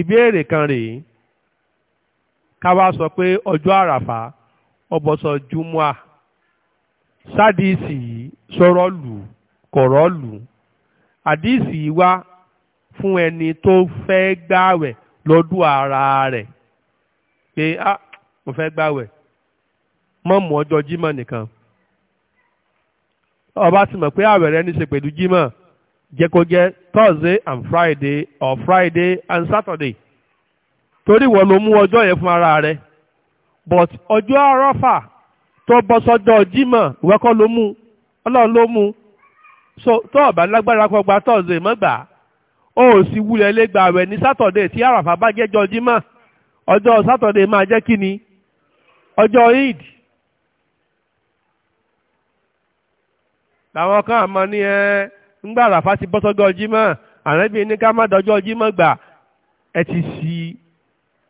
ìbéèrè kan rèé ká wá sọ pé ọjọ́ àràfà ọbọ̀sọ̀ júmọ́à sádìsì yìí sọ̀rọ̀ lù kọ̀rọ̀ lù àdìsì yìí wá fún ẹni tó fẹ́ gbààwẹ̀ lọ́dún ara rẹ̀ pé á mo fẹ́ gbààwẹ̀ mọ́ ọjọ́ jímọ̀ nìkan ọba ti mọ̀ pé àwẹ̀ ní í ṣe pẹ̀lú jímọ̀ jẹ́ kó thursday and friday or friday and saturday torí wọ́n ló mú ọjọ́ yẹn fún ara rẹ̀ but ọjọ́ arọ́fà tó bọ́ sọ́jọ́ jímọ̀ ìwọ kọ́ ló mú ọlọ́run ló mú so tó ọ̀bà lágbára kó gba thursday mọ́ ó sì wulẹ̀ gba ní saturday tí arafa bá jẹ́jọ́ jímọ̀ ọjọ́ saturday máa jẹ́ kini ni ọjọ́ eid làwọn kan àmọ́ ní ẹ́ẹ́. ńgbà àràfà ti bọ́ sọ́jọ́ jímọ̀ ànábì ní ká má dọjọ́ jímọ̀ gbà ẹ ti ṣì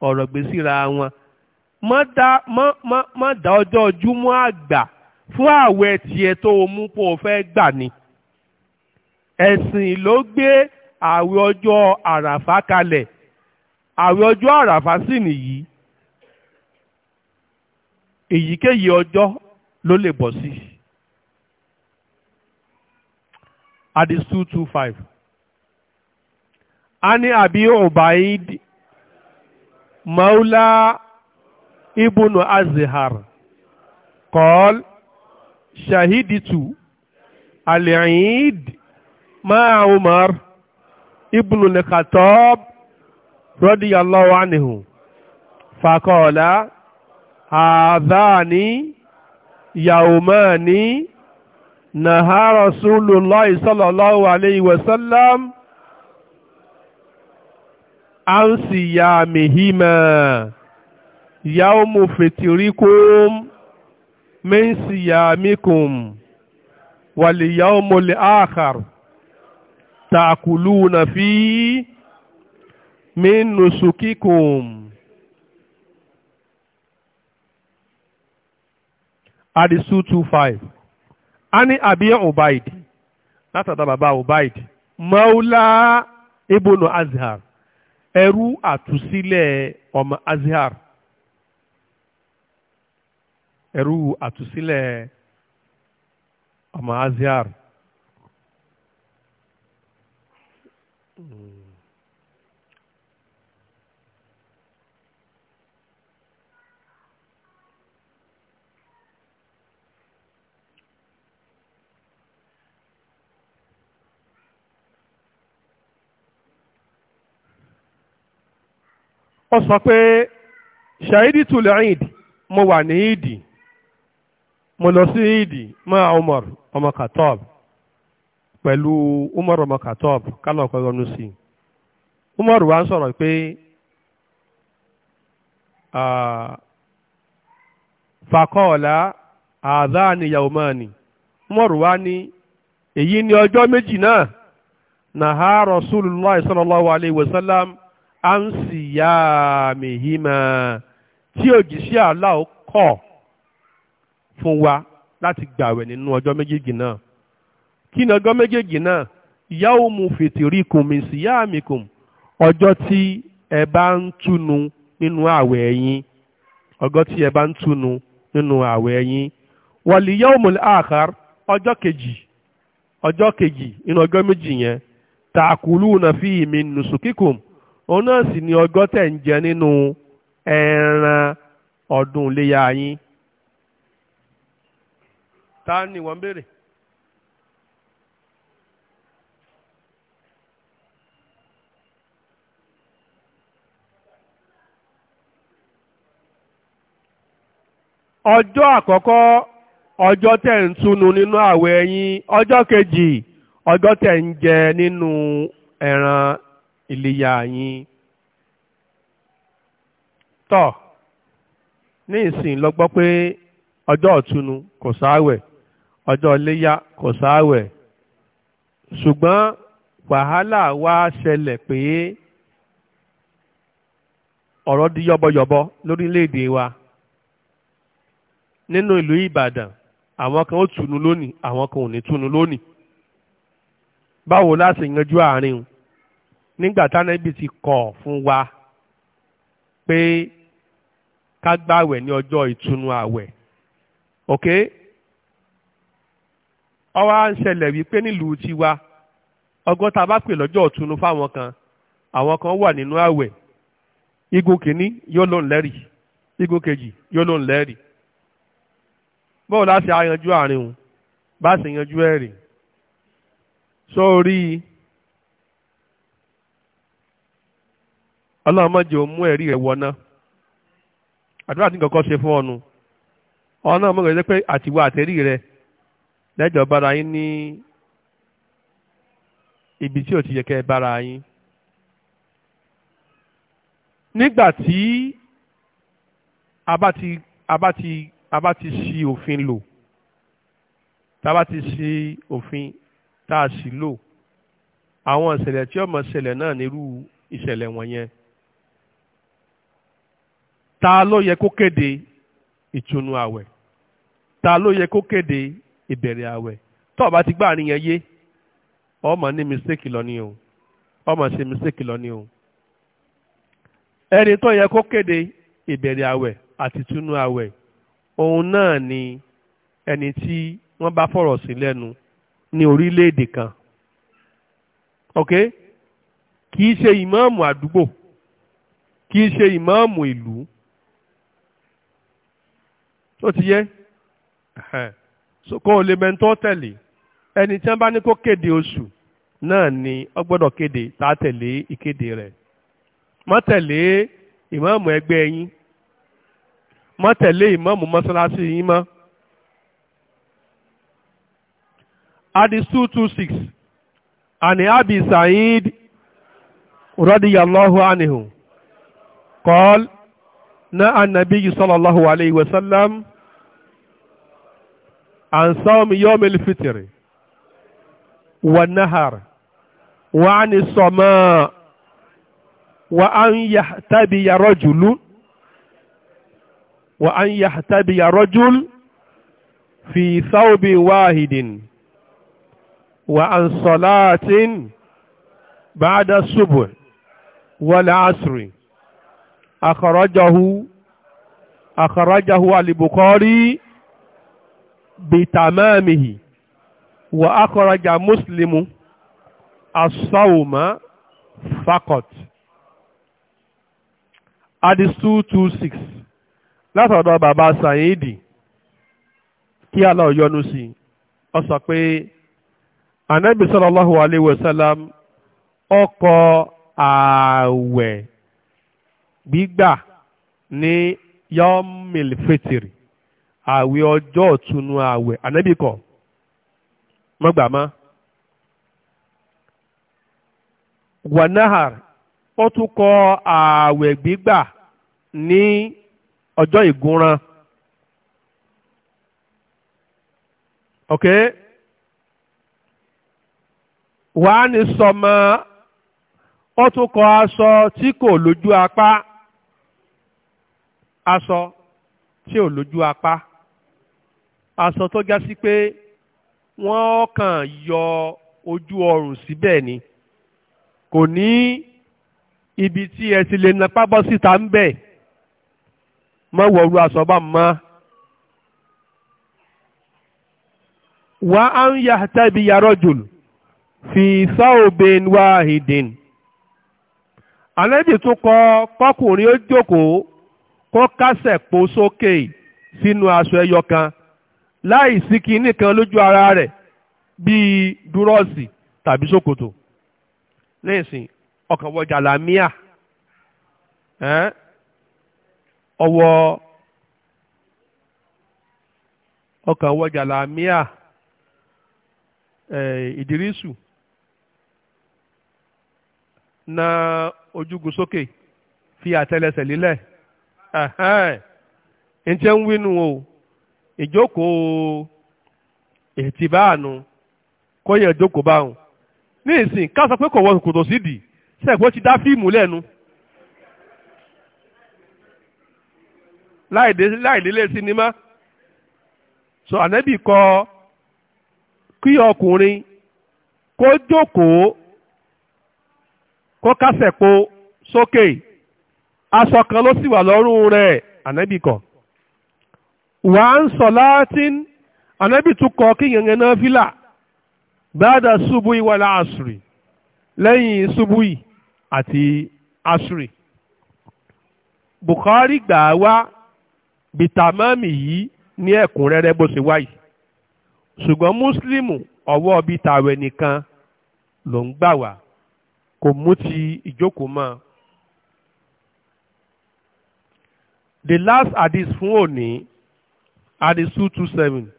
ọ̀rọ̀ gbé síra wọn má dá ọjọ́ júmọ́ àgbà fún ààwẹ̀ tiẹ̀ tó o mú pò fẹ́ gbà ni ẹ̀sìn ló gbé ààwẹ̀ ọjọ́ àràfà kalẹ̀ ààwẹ̀ ọjọ́ àràfà sì nìyí èyíkéyìí ọjọ́ ló lè bọ̀ sí i. hadis two two five. ani abi ubaid maula ibnu azhar qol shahiditu al-eid ma umar ibnu al-khattab radiyallahu anhu faqala hadhani yawmani نهى رسول الله صلى الله عليه وسلم عن صيامهما يوم فطركم من صيامكم واليوم الآخر تأكلون فيه من نسككم Adisu 25 ani abiya ubaid látàdá bàbá ubaid maula ibnu azhar ẹrú àtúsílẹ̀ ọmọ azhar ẹrú àtúsílẹ̀ ọmọ azhar. Mm. ó sọ pé ṣàìdì tùlẹ̀ ìd mo wà ní ìdì mo lọ sí ìdì máa Umar ọmọ Khattab pẹ̀lú Umar ọmọ Khattab kálọ̀ ọ̀kọ́ ọdún sí Umar wa ń sọ̀rọ̀ pé fàkọ́ọ̀lá àdáni yawmani Umar wa ní èyí ni ọjọ́ méjì náà nàhá Rasulullah sallallahu alayhi wa sallam ansiyamihima tí òjìṣẹ́ Allah kọ̀ fún wa láti gbàwẹ̀ nínú ọjọ́ méjèèjì náà kí ni ọjọ́ méjèèjì náà yawmu fitirikum min siyamikum ọjọ́ tí ẹ bá ń túnu nínú àwẹ̀ yín ọjọ́ tí ẹ bá ń túnu nínú àwẹ̀ yín wal yawmul akhar ọjọ́ kejì ọjọ́ kejì nínú ọjọ́ méjì yẹn ta'kuluna fihi min nusukikum òun náà sì ni ọjọ́ tẹ̀ ń jẹ nínú ẹran ọdún iléyà yín ta ni wọ́n béèrè. ọjọ́ àkọ́kọ́ ọjọ́ tẹ̀ ń túnu nínú àwẹ̀ ẹ̀yìn ọjọ́ kejì ọjọ́ tẹ̀ ń jẹ nínú ẹran iléyá yín tọ́ ní ìsìn lọ gbọ́ pé ọjọ́ ọ̀túnu kò sáwẹ̀ ọjọ́ iléyá kò sáwẹ̀ ṣùgbọ́n wàhálà wá ṣẹlẹ̀ pé ọ̀rọ̀ di yọ́bọyọ̀bọ lórílẹ̀ wa nínú ìlú Ìbàdàn àwọn kan ó túnu lónìí àwọn kan ò ní túnu lónìí báwo la yanjú àárín o nígbà tánẹ́bì ti kọ̀ fún wa pé ká gbàwẹ̀ ní ọjọ́ ìtúnu àwẹ̀ ok ó wá ń ṣẹlẹ̀ wípé nílùú tiwa ọgọ́ta bá pè lọ́jọ́ ìtúnu fáwọn kan àwọn kan wà nínú àwẹ̀ igun kìíní yóò lóun lẹ́rìí igun kejì yóò lóun lẹ́rìí bóun láti á àárín òun bá sì yanjú ẹ̀rìn sórí. So, ọlọ́run má jẹ́ ó mú ẹ̀rí rẹ̀ wọná àdúrà tí kankan ṣe fún ọnu ọ̀nà mọ̀ rẹ̀ pé àtiwá àtẹ̀rí rẹ̀ lẹ́jọ́ bára yín ní ibi tí ò ti yẹ kẹ́ bára yín nígbà tí a bá ti a òfin lò tá a bá ti ṣi òfin tá a sì lò àwọn ìṣẹ̀lẹ̀ tí ó máa náà nírú ìṣẹ̀lẹ̀ wọ̀nyẹn ta ló yẹ kó kéde ìtùnú àwẹ̀ ta ló yẹ kó kéde ìbẹ̀rẹ̀ àwẹ̀ tó o bá ti gbà nìyẹn yé ọmọ ní mistake lọ ni o ọmọ ṣe mistake lọ ni o ẹni tó yẹ kó kéde ìbẹ̀rẹ̀ àwẹ̀ àti ìtùnú àwẹ̀ òun náà ni ẹni tí wọ́n bá fọ̀rọ̀ sí lẹ́nu ní orílẹ̀-èdè kan ok kì í ṣe ìmáàmù àdúgbò kì í ṣe ìmáàmù ìlú ó ti yé kó o lè mẹ́ńtọ́ tẹ̀lé ẹni tí wọ́n bá ní kó kéde oṣù náà ni ó gbọ́dọ̀ kéde tá a tẹ̀lé ìkéde rẹ̀ má tẹ̀lé ìmáàmù ẹgbẹ́ yín má tẹ̀lé ìmáàmù mọ́sálásí yín mọ́. Hadith 226 عن أبي سعيد رضي الله عنه قال na annabi صلى الله عليه عن صوم يوم الفطر والنهر وعن الصماء وأن يحتبي رجل وأن يحتبي رجل في ثوب واحد وعن صلاة بعد الصبح والعصر أخرجه أخرجه البخاري bitamamihi wa akhraja muslimu asawuma fakot hadis two two six bàbá sàyéèdì kí Allah yọ́nú sí ọ sọ pé anabi sallallahu alayhi wa sallam ọkọ ààwẹ̀ gbígbà ní yọmil fitiri àwẹ̀ ọjọ́ ọ̀túnú àwẹ̀ ànábì kọ̀ mọ́gbà má. wanahar ó tún kọ àwẹ̀ gbígbà ní ọjọ́ ìgúnran. ok wàá ní sọmọ ó tún kọ aṣọ tí kò lójú apá aṣọ tí ò lójú apá. asọ tó já sí pé wọ́n kàn yọ ojú ọrùn síbẹ̀ ni kò ní ibi tí ẹ ti lè napá bọ́ síta ń bẹ̀ mọ́ wọ̀ọ́rù aṣọ bá mọ́. wà á ń yà tàbí yàrá jùlọ fi sáòbin wáhìdìn àlẹ́bì tún kọ kọkùnrin ó jókòó kó kásẹ̀ po sókè sínú aṣọ ẹyọ kan Láìsí sí nìkan lójú ara rẹ̀ bíi dúrọ́ọ̀sì tàbí ṣòkòtò nísìn ọkàn wọ jàlámíà ọwọ́ ọkàn wọ jàlámíà ìdírísù na ojúgun sókè fi àtẹlẹsẹ̀ lílẹ̀ ẹ̀hẹ́n ẹ̀ ń tẹ́ ń wínú o. ìjókòó ètìbáànù kọ́yẹ̀ ìjókòó báhùn ní ìsìn ká sọ pé kò wọ kòtò sídìí sẹ́ẹ̀kọ́ ti dá fíìmù lẹ́nu láìdílé sinimá sọ ànẹ́bì kọ kí ọkùnrin kó jókòó kó kásẹ̀ po sókè aṣọ kan ló sì wà lọ́rùn rẹ̀ ànẹ́bì kọ. wà á ń sọ látín ànábì tún kọ kí yẹn náà fílà báàdà ṣubú ìwàlà àṣùrì lẹ́yìn ṣubú yìí àti àṣùrì Bukhari gbà wá bìtàmámì yìí ní ẹ̀kúnrẹ́rẹ́ bó ṣe wáyìí ṣùgbọ́n Muslimu ọwọ́ bíi tàwẹ̀ nìkan ló ń gbà wá kò mú ti ìjókòó mọ́ the last hadith fún òní hadith two two seven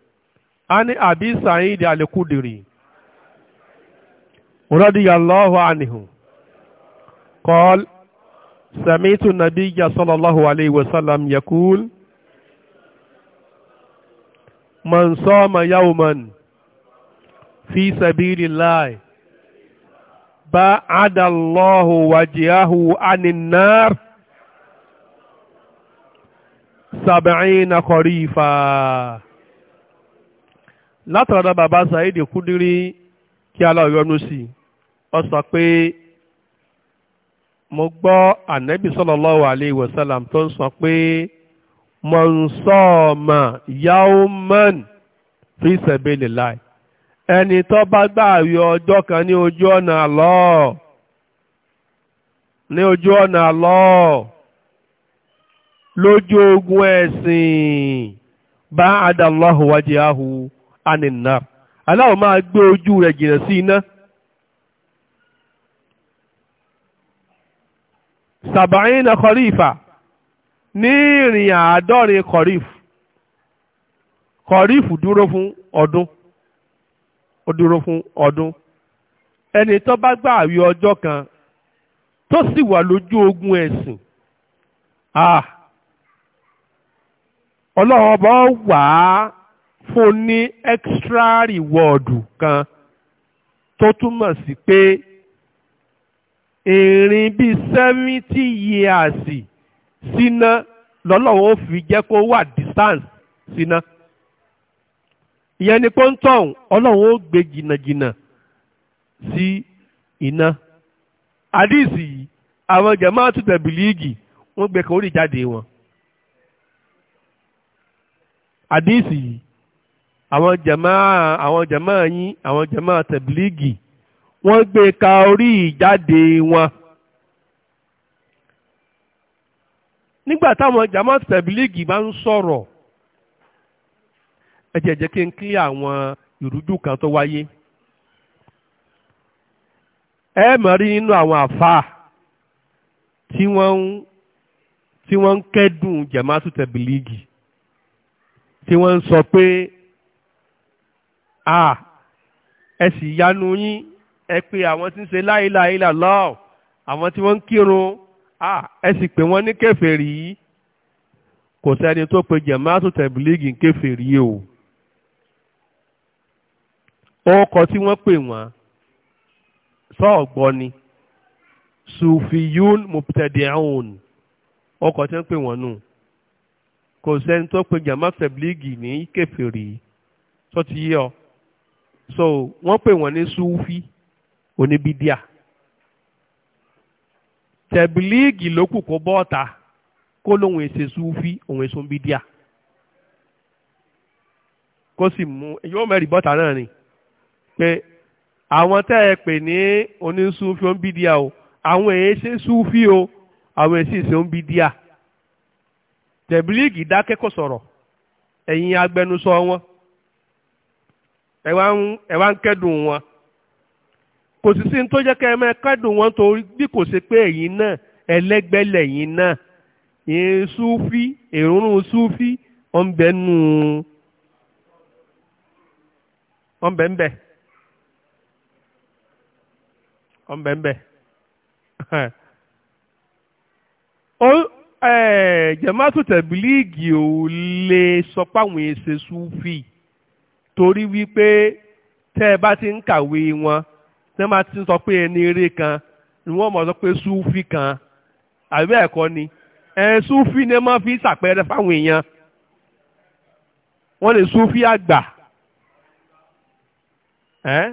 ani abi sa'id al-kudiri radiyallahu anhu qala سمعت النبي صلى الله عليه وسلم يقول من صام يوما في سبيل الله بعد الله وجهه عن النار sàbẹ̀rìn kọ̀rí ifá látọ̀dọ̀ bàbá Saheed Kúdírí kí aláyọnu sí ọ sọ pé mo gbọ́ ànẹ́bí sallallahu alayhi wa sallam tó ń sọ pé mọ̀nsọ́ọ̀mà yawman fi sabilillah ẹni tó bá gbààwẹ̀ ọjọ́ kan ní ojú ọ̀nà Allah ní ojú ọ̀nà Allah lójú ogun ẹ̀sìn bá adàlọ́hù wájẹ́ ahù anìnà aláwọ̀ máa gbé ojú rẹ̀ jìnà sí iná sàbáyínà kọrífà ní ìrìn àádọ́rin kọrífù kọrífù dúró fún ọdún ó dúró fún ọdún ẹni tó bá gbà àwí ọjọ́ kan tó sì wà lójú ogun ẹ̀sìn ah ọlọ́run ọba wà á fún ní extra reward kan tó túmọ̀ sí pé ìrìn bíi seventy years síná lọ́lọ́run ó fi jẹ́ kó wà distance síná ìyẹn ni pọ́ńtọ́n ọlọ́run ó gbé jìnnàjìnnà sí iná àdìsí àwọn jàmáà tùtẹ̀bìlì igi wọ́n gbé kan jáde wọn àdíìsì yìí àwọn jàmáà àwọn jàmáà yín àwọn jàmáà tẹ̀bílíìgì wọ́n gbé ka orí ìjáde wọn. nígbà táwọn jàmáà tẹ̀bílíìgì bá ń sọ̀rọ̀ ẹ jẹ́ jẹ́ kí n kílẹ̀ àwọn ìrújú kan tó wáyé ẹ mọ̀ rí nínú àwọn àfáà tí wọ́n ń kẹ́dùn jàmáà tẹ̀bílíìgì tí wọ́n ń sọ pé a ẹ sì yanu yín ẹ pé àwọn tí ń ṣe láìláìlà lọ́ọ̀ àwọn tí wọ́n ń kírun a ẹ sì pè wọ́n ní kèfèrí kò sẹ́ni tó pe jẹ̀mátù tẹ̀bílíìgì ń kèfèrí o ọkọ̀ tí wọ́n pè wọ́n sọ́ọ̀gbọ́ ni sufiyun muptadi'un ọkọ̀ tí wọ́n pè wọ́n nù. No kò sẹ́ni tó pe jama tẹ̀blígì ní kèfèrí tó ti yé ọ so wọ́n pè wọ́n ní sufi oníbídíà tẹ̀blígì lókù kó bọ́ọ̀ta kó lóun èsè sufi òun èso bídíà kó sì mú yóò mẹ́rin bọ́ọ̀ta náà ni pé àwọn tẹ́ ẹ pè ní onísúfi oníbídíà o àwọn èyí ṣe sufi o àwọn èyí sì ṣe oníbídíà. tẹ̀bílíìgì dákẹ́ sọ̀rọ̀ ẹ̀yin agbẹnusọ wọn ẹ wá ń kẹ́dùn wọn kò sí ní tó jẹ́ kẹ́ ẹ máa kẹ́dùn wọn torí bí kò ṣe pé ẹ̀yin náà ẹlẹ́gbẹ́lẹ̀ yín náà ìyẹn súfí èròrùn Eh, jẹ̀mátù tẹ̀bílíìgì ò lè sọ páwọn èsè súfì torí wípé tẹ́ ẹ bá ti ń kàwé wọn tẹ́ bá ti ń sọ pé ẹni eré kan ni wọ́n mọ̀ sọ pé súfì kan àbí ẹ̀kọ́ ni ẹ̀ eh, súfì ni wọ́n fi ṣàpẹẹrẹ fáwọn èèyàn wọ́n lè súfì àgbà eh?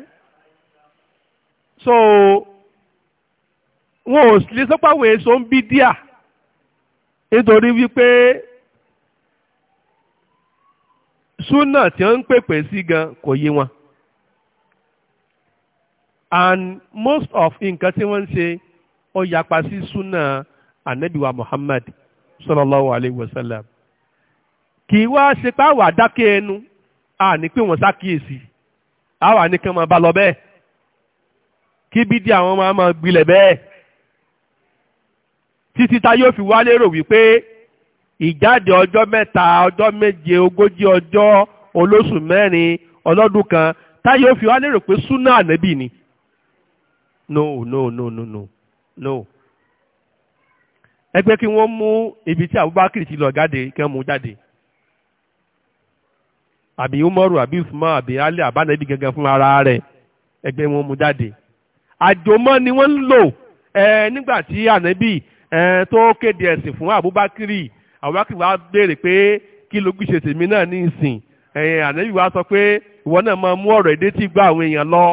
so wọn ò lè sọ páwọn èso ń bí díà. nítorí wípé súnà tí wọ́n ń pèpè sí gan kò yé wọn and most of nǹkan tí wọ́n ń ṣe ó yapa sí súnà anabiwa Muhammad sallallahu alayhi wa sallam kì í wá ṣe pé àwa dákẹ́ ẹnu a ní pé wọn ṣàkíyèsí àwa ní kí wọ́n máa bá lọ bẹ́ẹ̀ kí bídìí àwọn máa máa gbilẹ̀ bẹ́ẹ̀. títí ta yóò fi wá lérò wípé ìjáde ọjọ́ mẹ́ta ọjọ́ méje ogójì ọjọ́ olóṣù mẹ́rin ọlọ́dún kan ta yóò fi wá lérò pé súnà ànábì ni no no no no no no ẹgbẹ́ kí wọ́n mú ibi tí Abubakar ti lọ jáde kí wọ́n mú jáde àbí Umaru àbí Usman àbí Ali àbánẹ́bí gangan fún ara rẹ̀ ẹgbẹ́ wọn mú jáde àjòmọ́ ni wọ́n ń lò ẹ nígbà tí ànábì ẹ tó kéde ẹ̀sìn fún Abubakiri Abubakiri wa béèrè pé kí ló gbé ṣe tèmi náà ní ìsìn ẹ̀yìn ànábì wa sọ pé ìwọ náà máa mú ọ̀rọ̀ èdè tí gba àwọn èèyàn lọ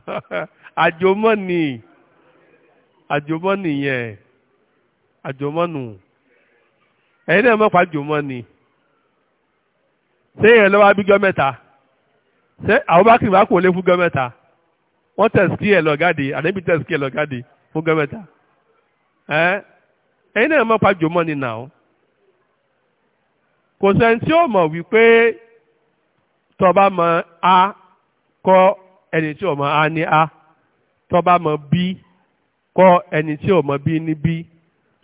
àjòmọ́nì àjòmọ́nì yẹn àjòmọ́nù ẹ̀yin náà mọ̀pá àjòmọ́nì ṣé èèyàn lọ́wọ́ abíjọ́ mẹ́ta ṣé Abubakiri wa kò lé fún gọ́ mẹ́ta wọ́n tẹ̀sí ẹ̀ lọ́gáde ànábì tẹ̀sí ẹ̀ lọ́gáde fún gọ́ mẹ́ta. ẹ̀yin náà mọ̀ pa jòmọ́ni náà kò sẹ́ni tí ó mọ̀ wípé tọ́ba mọ a kọ́ ẹni tí ó mọ̀ a ní a tọ́ba mọ b kọ́ ẹni tí ó mọ̀ b ní b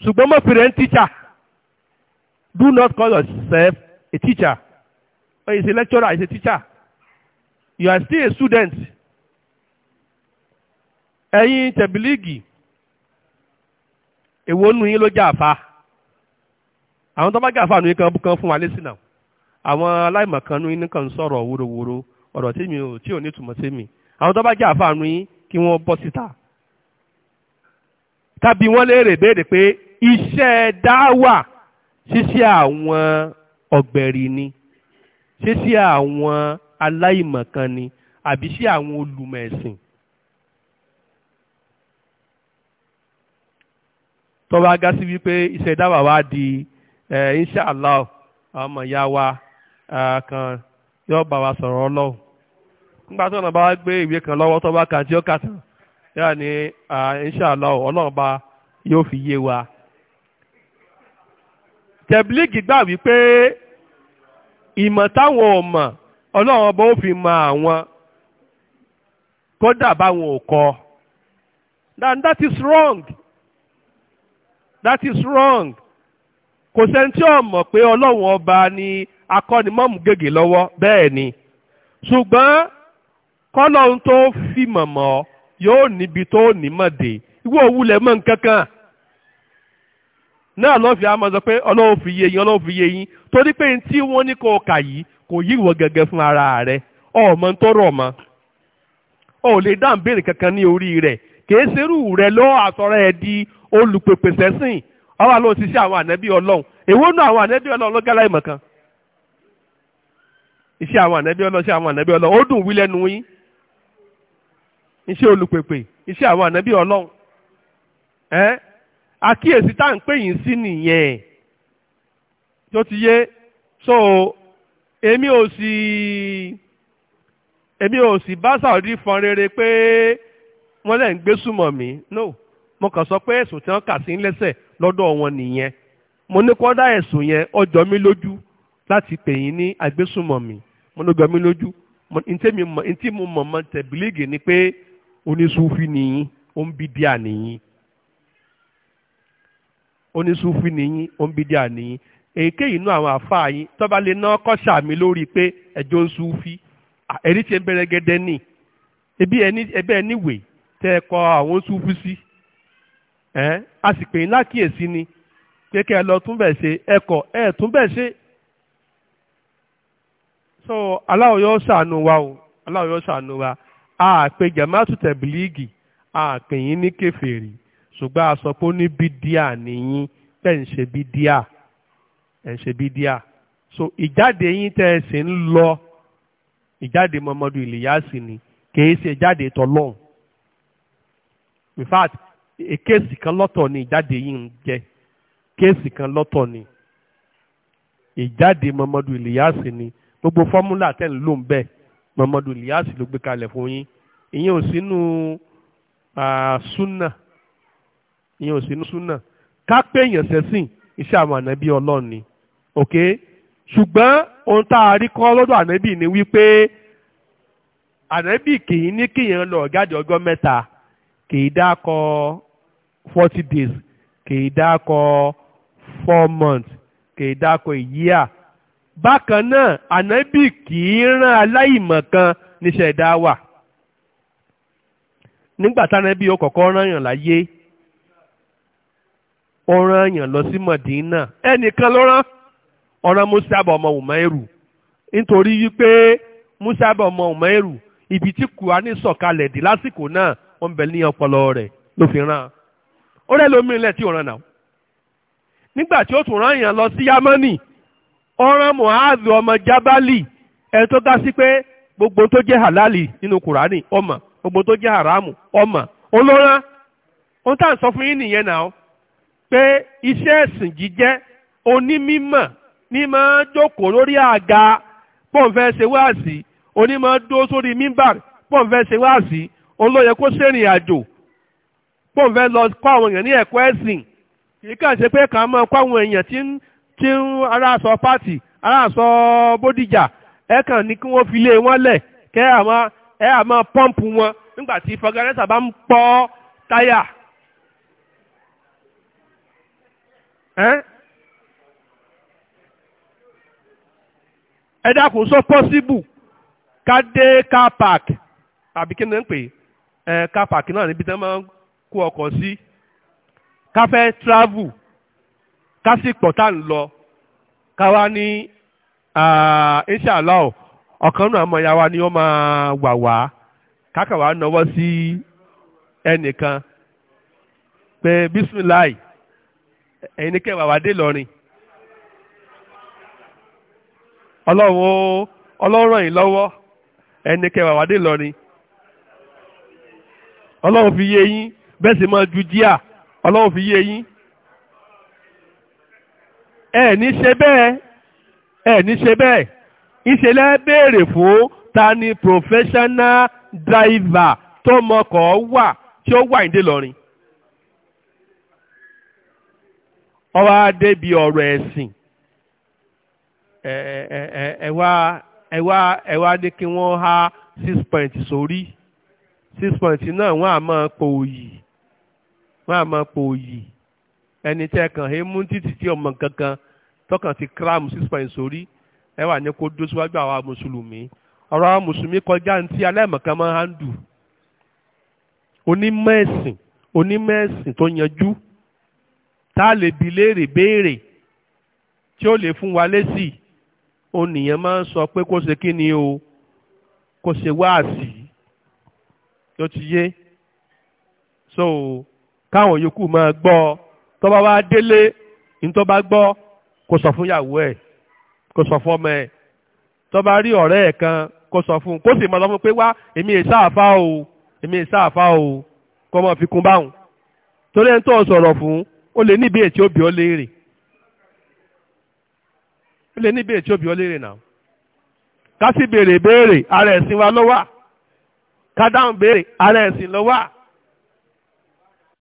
ṣùgbọ́n mọ̀ pèrè ń tíṣà do not call yourself a teacher or is a lecturer is a teacher you are still a student ẹ̀yin tẹ̀bílíìgì. èwo nù yín ló jẹ́ àfa àwọn tó bá jẹ́ àfa nù yín kan fún wa lé sí náà àwọn aláìmọ̀kan nù yín nìkan ń sọ̀rọ̀ wúrowúro ọ̀rọ̀ tí mi ò tí ò ní túmọ̀ sí mi àwọn tó bá jẹ́ àfa nù yín kí wọ́n bọ́ síta tàbí wọ́n léèrè béèrè pé iṣẹ́ dáwà ṣíṣe àwọn ọ̀gbẹ̀rì ni ṣíṣe àwọn aláìmọ̀kan ni àbí ṣe àwọn olùmọ̀ ẹ̀sìn tó wá gá sí wípé iṣẹ́ dáwà wá di insha Allah ọmọ ìyá wa kan yóò bá wa sọ̀rọ̀ ọlọ́run nígbà tó ọ̀nà bá gbé ìwé kan lọ́wọ́ tó bá kà tí ó kà tán yóò ní insha Allah ọlọ́run bá yóò fi yé wa. tẹ̀blígì gbà wípé ìmọ̀ táwọn ò mọ̀ ọlọ́run ọba ó fi mọ àwọn kódà báwọn ò kọ́ and that is wrong. that is wrong kò sẹ́ni tí pé ọlọ́run ọba ni akọ́nimọ́ọ̀mù gègé lọ́wọ́ bẹ́ẹ̀ ni ṣùgbọ́n kọ́lọ́run tó fi mọ̀mọ́ yóò níbi tó nímọ̀ dé ìwọ òwúlẹ̀ mọ̀ nkankan náà lọ́ fi àmọ́ sọ pé ọlọ́run fi yé yín ọlọ́run fi yé yín torí pé ní tí wọ́n ní kó kà yìí kò yí ìwọ gẹ́gẹ́ fún ara rẹ ọmọ tó rọ̀ mọ́ ò lè dáhùn béèrè kankan ní orí rẹ̀ keseru re rẹ ló àsọ̀rọ̀ ẹ̀ di olùpèpè sẹ́sìn ọwọ́ àlọ́ òṣìṣẹ́ àwọn ànẹ́bí ọlọ́run èwo nù àwọn ànẹ́bí ọlọ́run ló gálá kan ise àwọn anabi ọlọ́run iṣẹ́ àwọn ànẹ́bí ọlọ́run ó dùn wí lẹ́nu yín iṣẹ́ olùpèpè iṣẹ́ àwọn ànẹ́bí ọlọ́run ẹ́ àkíyèsí tá à ń pè yín sí nìyẹn tó ti yé so èmi ò sì èmi ò sì bá Saudi fọn rere pé. wọ́n lẹ́ ń gbé súnmọ̀ mí no mo kàn sọ pé ẹ̀sùn tí wọ́n kà sí lẹ́sẹ̀ lọ́dọ̀ wọn nìyẹn mo ní kọ́dá ẹ̀sùn yẹn ó jọ mí lójú láti pè yín ní agbésùnmọ̀ mi mo ní jọ mí lójú ntí mo mọ̀ mọ́ tẹ̀bílíìgì ni pé oníṣúfì nìyín ó ń bí díà nìyín oníṣúfì nìyín ó ń bí díà nìyín èyíkéyìí inú àwọn àfáà yín tó lè ná kọ́ṣà mi lórí pé ẹjọ́ ń súfì ẹni tí ń bẹ̀rẹ̀ gẹ́dẹ́ nì ebi ẹni wèé tẹ́ ẹ kọ àwọn súfú sí ẹ́ a sì pè é lákìyèsí ni pé kẹ́ ẹ lọ tún bẹ̀ ṣe ẹ kọ̀ ẹ tún bẹ̀ ṣe. so aláwọ̀ yóò ṣàánú wa o aláwọ̀ yóò ṣàánú wa a pè jamaatu tẹ̀bílíìgì a pè yín ní kẹfẹ́rì ṣùgbọ́n a sọ pé ó ní bídíà nìyín pẹ̀ ń ṣe bídíà ẹ̀ ń ṣe bídíà so ìjáde yín tẹ́ ẹ sì ń lọ ìjáde Muhammadu Ilyas ni kì í ṣe ìjáde tọlọ́hùn in fact kéèsì kan lọ́tọ̀ ni ìjáde yìí ń jẹ́ kéèsì kan lọ́tọ̀ ni ìjáde Muhammadu Ilyas ni gbogbo fọ́múlà tẹ̀ ń lò ń bẹ́ẹ̀ Muhammadu Ilyas ló gbé kalẹ̀ fún yín ìyẹn ò sínú súnà ìyẹn ò sínú súnà ká pé èèyàn sẹ́sìn iṣẹ́ àwọn ànábì ọlọ́run ni ok ṣùgbọ́n ohun tá a rí kọ́ lọ́dọ̀ ànábì ni wípé ànábì kì í ní kíyàn lọ ọ̀gáàdì kìí dákọ forty days kìí dákọ four months kìí dákọ a year bákan náà anabi kì í rán aláìmọ̀kan níṣẹ́ dáwà nígbà tánábì ó kọ́kọ́ rán yàn láyé ó rán yàn lọ sí mọ̀dínà ẹnìkan ló rán ọ̀ràn musab ọmọ umaru nítorí wípé musab ọmọ umaru ibi tí kùránì sọ̀kalẹ̀ dé lásìkò náà ó bẹ ní ọpọlọ rẹ ló fi rán ó rẹ́ lómi ilẹ̀ tí ò rán náà nígbà tí lọ sí yámánì ó rán muhazu ọmọ jabali ẹni tó dá sí pé gbogbo tó jẹ́ halali nínú gbogbo tó jẹ́ haramu ọmọ olóra ohun tá à ń sọ fún yín nìyẹn náà pé iṣẹ́ jíjẹ́ ní máa olóyè kó ṣèrìn àjò pọ̀ fẹ́ lọ kọ́ àwọn èèyàn ní ẹ̀kọ́ ẹ̀sìn kìí kàn ṣe pé kàn máa kọ́ àwọn èèyàn tí ń tí ń aráàsọ pàtì aráàsọ bódìjà ẹ kàn ní kí wọ́n fi lé wọn lẹ̀ kẹ́ àwọn ẹ àmọ́ pọ́ǹpù wọn nígbà tí fọgàrẹ́sà bá ń pọ́ táyà. ẹ dákun sọ pọ́síbù ká dé car park àbí kí ni ń pè é. car park náà níbi tí máa ń kó sí ká travel ká sì pọ̀ tá ń lọ ká wá ní inshallah ọ̀kan náà ọmọ ni máa wà wá kákà wá nọwọ́ sí ẹnìkan pé bísímìláì ẹ̀yin ní kẹwàá dé ọlọ́run fi yé yín bẹ́ẹ̀ sì máa ju díà ọlọ́run fi yé yín. ẹ ní ṣe bẹ́ẹ̀ ẹ ní ṣe bẹ́ẹ̀ ìṣẹ̀lẹ̀ béèrè fún ta ni professional driver tó mọkọ̀ wà tí ó wà nídìí lọ́rin. ọwọ́ débi ọ̀rọ̀ ẹ̀sìn ẹ̀ wá ẹ wá ẹ wá ní kí wọ́n há six point sórí. So six point náà wọ́n á máa po òyì wọ́n á máa po òyì ẹni tẹ́ kàn é mú títí tí ọmọ kankan tọkàn ti cram six point sórí ẹ wà ní kó dó síwájú àwa mùsùlùmí ọ̀rọ̀ àwọn mùsùlùmí kọjá ní ti máa ń dù onímọ̀ ẹ̀sìn tó yanjú tá a lè bi léèrè béèrè tí ó lè fún wa lésì òun nìyẹn máa ń sọ pé kó ṣe kí ni o kó ṣe wáàsí tó ti yé so káwọn yòókù máa gbọ́ tó bá wá délé ní tó bá gbọ́ kó sọ fún ìyàwó ẹ̀ kó sọ fún ọmọ ẹ̀ tó bá rí ọ̀rẹ́ ẹ̀ kan kó sọ fún un kó sì máa sọ fún un pé wá èmi ìsá àfa o èmi ìsá àfa o kó máa fi kún báwọn torí ẹni tó ń sọ̀rọ̀ fún ó lè níbi ètí òbí ó léèrè ó lè níbi ètí òbí ó léèrè náà ká sì béèrè béèrè ara ẹ̀sìn wa ló wà ká dáhùn béèrè ara ẹ̀sìn ló wà.